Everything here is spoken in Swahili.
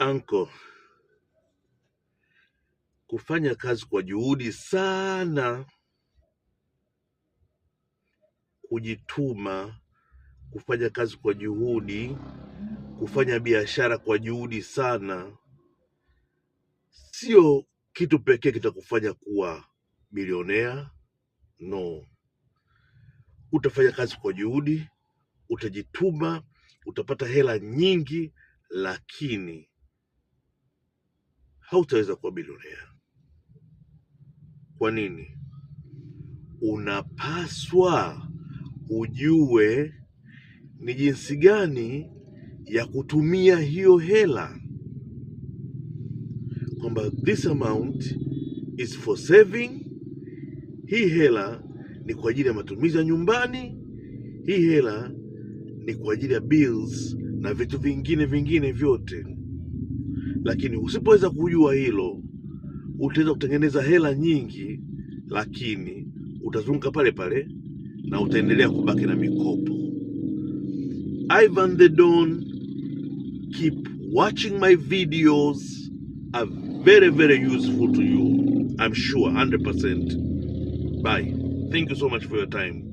anko kufanya kazi kwa juhudi sana, kujituma, kufanya kazi kwa juhudi, kufanya biashara kwa juhudi sana, sio kitu pekee kitakufanya kuwa bilionea. No, utafanya kazi kwa juhudi, utajituma, utapata hela nyingi, lakini hautaweza kuwa bilionea. Kwa nini? Unapaswa ujue ni jinsi gani ya kutumia hiyo hela, kwamba this amount is for saving, hii hela ni kwa ajili ya matumizi ya nyumbani, hii hela ni kwa ajili ya bills na vitu vingine vingine vyote. Lakini usipoweza kujua hilo, utaweza kutengeneza hela nyingi, lakini utazunguka pale pale na utaendelea kubaki na mikopo. Ivan the Don, keep watching my videos are very very useful to you. I'm sure 100%. Bye. Thank you so much for your time.